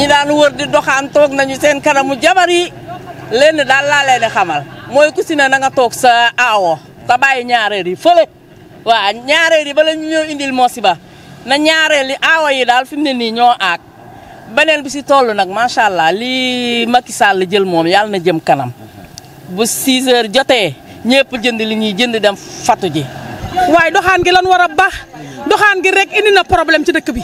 ñi daan wër di doxaan toog nañu seen kanamu jabar yi lenn daal laa leen xamal mooy ku si ne na nga toog sa aawo ta bàyyi ñaareel yi fële waa ñaareel yi bala ñu ñëw indil mosiba na ñaareel li aawo yi daal fi mu ne nii ñoo aak beneen bi si toll nag macha allah li Macky Sall jël moom yàlla na jëm kanam bu 6 heures jotee ñëpp jënd li ñuy jënd dem fatu ji waaye doxaan gi lan war a baax doxaan gi rek indi na problème ci dëkk bi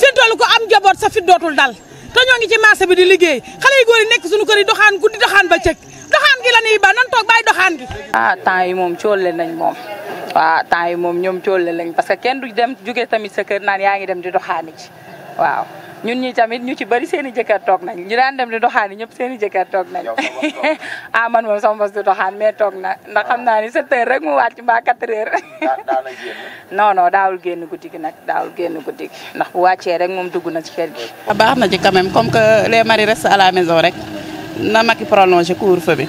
fi toll ko am njaboot sa fi dootul dal te ñoo ngi ci marché bi di liggéey xale yu góor nekk suñu kër yi doxaan guddi doxaan ba cëkk doxaan gi la ñuy ba nan toog bàyyi doxaan gi. ah temps yi moom coole nañ moom waaw ah, temps yi moom ñoom coole lañ parce que kenn du dem juge tamit sa kër naan yaa ngi dem di doxaani ci waaw. ñun ñi tamit ñu ci bëri seen i jëkkër toog nañ ñu daan dem di doxaan yi ñëpp seen i jëkkër toog nañ ah man moom sama bos du doxaan mais toog na ndax xam naa ni sept heures rek mu wàcc mbaa quatre heures daawul génn guddi gi nag daawul génn guddi gi ndax bu wàccee rek moom dugg na ci kër gi ah, baax na ci quand comme que les maris restent à la maison na Macky prolongé couvre-feu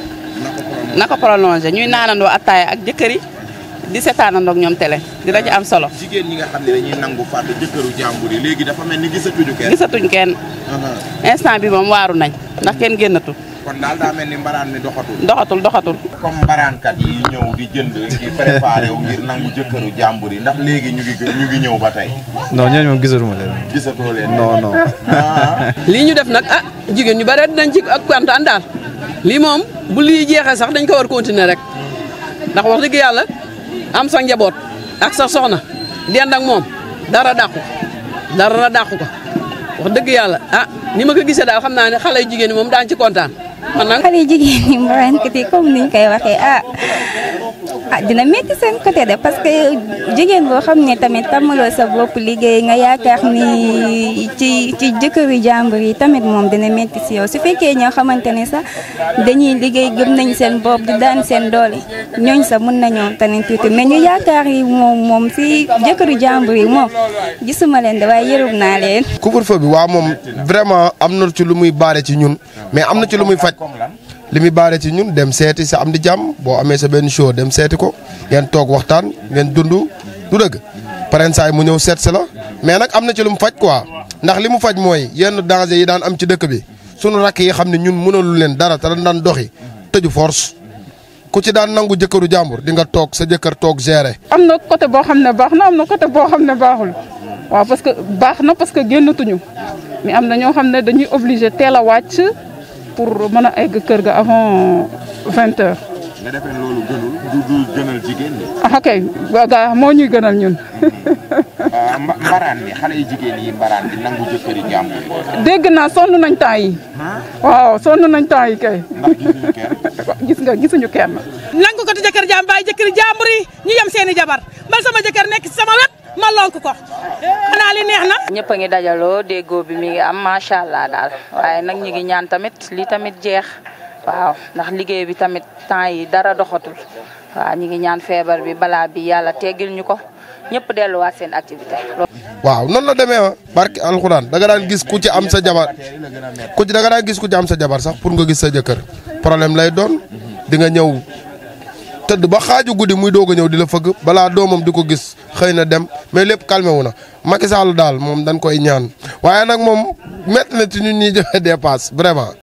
na ko prolongé ñuy naanandoo attaaya ak jëkkër yi di seetaanandoo ak ñoom télé dina ci am solo. Euh, jigéen ñi nga xam ne dañuy nangu fàtte jëkkëru jàmbur yi léegi dafa mel ni gisatuñu kenn. gisatuñ kenn. instant bi moom waaru nañ ndax kenn génnatul. kon daal daa mel ni mbaraan mi doxatul. doxatul doxatul. comme mbaraankat yi ñëw di jënd ngir préparé wu ngir nangu jëkkëru jàmbur yi ndax léegi ñu gi ñu ngi ñëw ba tey. non ñooñu moom gisatuma leen. gisatoo leen non ah. lii ñu def nag a ah, jigéen ñu bare dinañ ci ak kontaan daal lii moom bu lii jeexee sax dañ ko war continuer rek ndax wax am sa njaboot ak sa soxna dend ak moom dara dàqu dara dàqu ko wax dëgg yàlla a ah, ni ma ko gisee daal xam naa ne xale yu jigéen moom daañu ci kontaan man nag. xale yu jigéen ñi moom ko comme niñ koy waxee ah. ah dina métti seen côté de parce que jigéen boo xam ne tamit tàmmaloo sa bopp liggéey nga yaakaar ni ci ci jëkkëru jàmbur yi tamit moom dina métti si yow su fekkee ñoo xamante ne sax dañuy liggéey gëm nañ seen bopp di daan seen doole ñooñ sax mun nañoo tamit tuuti mais ñu yaakaar yi moom moom si jëkkëru jàmbur yi moom gisuma leen de waaye yërub naa leen. couvre-feu bi waa moom vraiment am na ci lu muy baare ci ñun mais am na ci lu muy faj. li muy baaree ci ñun dem seeti sa am di jàmm boo amee sa benn show dem seeti ko ngeen toog waxtaan ngeen dund du dëgg parensaay mu ñëw seet si la mais nag am na ci lu mu faj quoi ndax li mu faj mooy yenn danger yi daan am ci dëkk bi sunu rakk yi xam ne ñun mënalu leen dara te dañ daan doxi tëju force ku ci daan nangu jëkkëru jàmbur di nga toog sa jëkkër toog gérer. am na côté boo xam ne baax na am na côté boo xam ne baaxul waaw parce que baax na parce que génnatuñu am na ñoo xam ne dañuy obligé teel a wàcc. pour mën a egg kër ga avant vingt heures. nga defee loolu gënul du du gënal jigéen ñi. ah kay gaa moo ñuy gënal ñun. Ah, mbaraan bi xale yi mbaraan bi dégg naa sonn nañ temps yi. waaw sonn nañ temps yi kay. ndax gisuñu gis nga gisuñu kenn. nangu ko te jëkkër jàmbaay jëkkëri jàmbur ñu yem seeni jabar man sama jëkkër nekk sama wet. ma lonk ko xanaa li neex na ñëpp a ngi dajaloo déggoo bi mi ngi am macha allah daal waaye nag ñu ngi ñaan tamit li tamit jeex waaw ndax liggéey bi tamit temps yi dara doxatul waaw ñu ngi ñaan feebar bi balaa bi yàlla teggil ñu ko ñëpp delluwaat seen activité waaw noonu la demee barki alxuraan da nga daan gis ku ci am sa jabar ku ci da nga daan gis ku ci am sa jabar sax pour nga gis sa jëkkër problème lay doon di nga ñëw tëdd ba xaaju guddi muy doog a ñëw di la fëgg balaa doomam di ko gis xëy na dem mais lépp calmé wu na Macky Sall daal moom dañ koy ñaan waaye nag moom métti na ci ñun ñuy joxe dépasse vraiment.